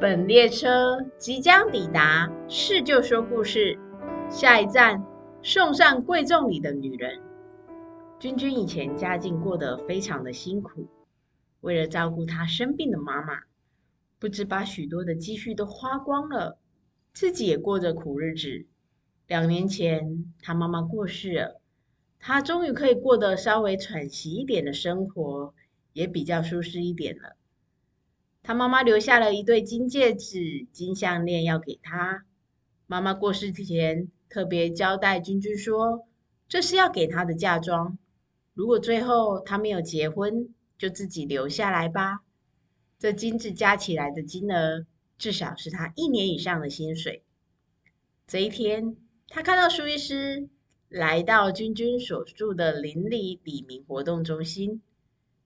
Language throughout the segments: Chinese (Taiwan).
本列車即將抵達，是就說故事。下一站，送上貴重禮的女人。君君以前家境過得非常的辛苦，為了照顧她生病的媽媽，不只把許多的積蓄都花光了，自己也過着苦日子。兩年前，她媽媽過世了，她終於可以過得稍微喘息一點的生活，也比較舒適一點了。他媽媽留下了一對金戒指、金項鏈，要給他。媽媽過世前特別交代君君說：“這是要給他的嫁妝。如果最後他沒有結婚，就自己留下來吧。”這金子加起來的金額，至少是他一年以上的薪水。這一天，他看到舒醫師來到君君所住的鄰里里民活動中心。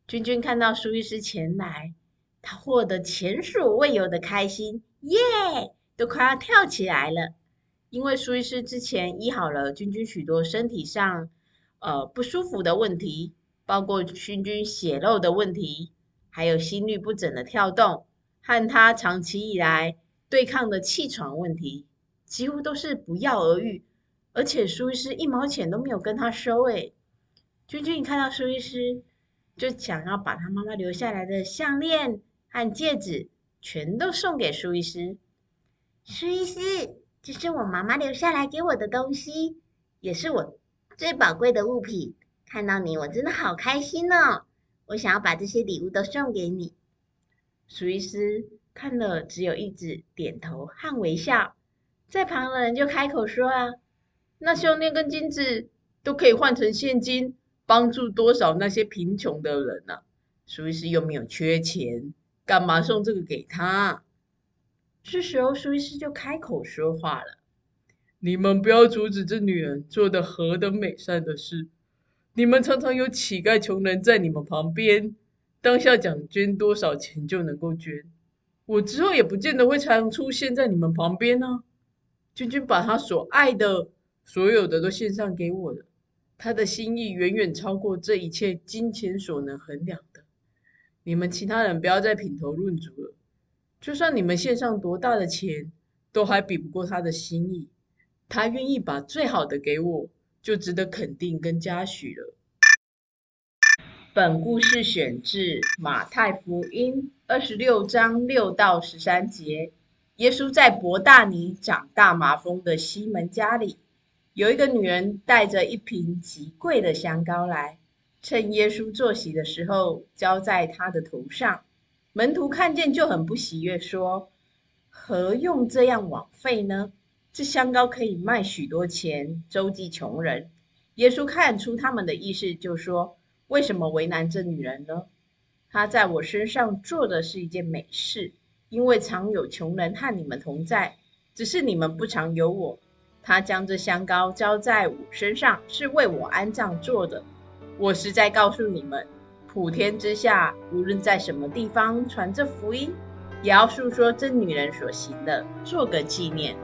君君看到舒醫師前來。他獲得前所未有的開心，耶、yeah!，都快要跳起來了。因為蘇醫師之前醫好了君君許多身體上呃，不舒服的問題，包括君君血漏的問題，還有心律不整的跳動，和他長期以來對抗的氣喘問題，幾乎都是不藥而癒。而且蘇醫師一毛錢都沒有跟他收，欸。哎，君君一看到蘇醫師，就想要把他媽媽留下來的項鏈和戒指全都送給蘇醫師。蘇醫師，這是我媽媽留下來給我的東西，也是我最寶貴的物品。看到你，我真的好開心哦！我想要把這些禮物都送給你。蘇醫師看了，只有一直點頭和微笑。在旁的人就開口說啊：“那項鏈跟金子都可以換成現金，幫助多少那些貧窮的人呢、啊？”蘇醫師又沒有缺錢。幹嘛送這個給他？這時候，蘇伊斯就開口說話了：“你們不要阻止這女人做的何等美善的事！你們常常有乞丐、窮人，在你們旁邊。當下講捐多少錢就能夠捐，我之後也不見得會常出現在你們旁邊呢、啊。君君把她所愛的、所有的都獻上給我了，他的心意遠遠超過這一切金錢所能衡量。”你們其他人不要再品頭論足了。就算你們獻上多大的錢，都還比不過他的心意。他願意把最好的給我，就值得肯定跟嘉許了。本故事選自《馬太福音》二十六章六到十三節。耶穌在伯大尼長大麻風的西門家裡，有一個女人帶着一瓶極貴的香膏來。趁耶穌坐席的時候，澆在他的頭上。門徒看見就很不喜悅，說：“何用這樣枉費呢？這香膏可以賣許多錢，周濟窮人。”耶穌看出他們的意思，就說：“為什麼難為這女人呢？她在我身上做的是一件美事，因為常有窮人和你們同在。只是你們不常有我。她將這香膏澆在我身上，是為我安葬做的。”我實在告訴你們，普天之下，無論在什麼地方傳這福音，也要述說這女人所行的，做個紀念。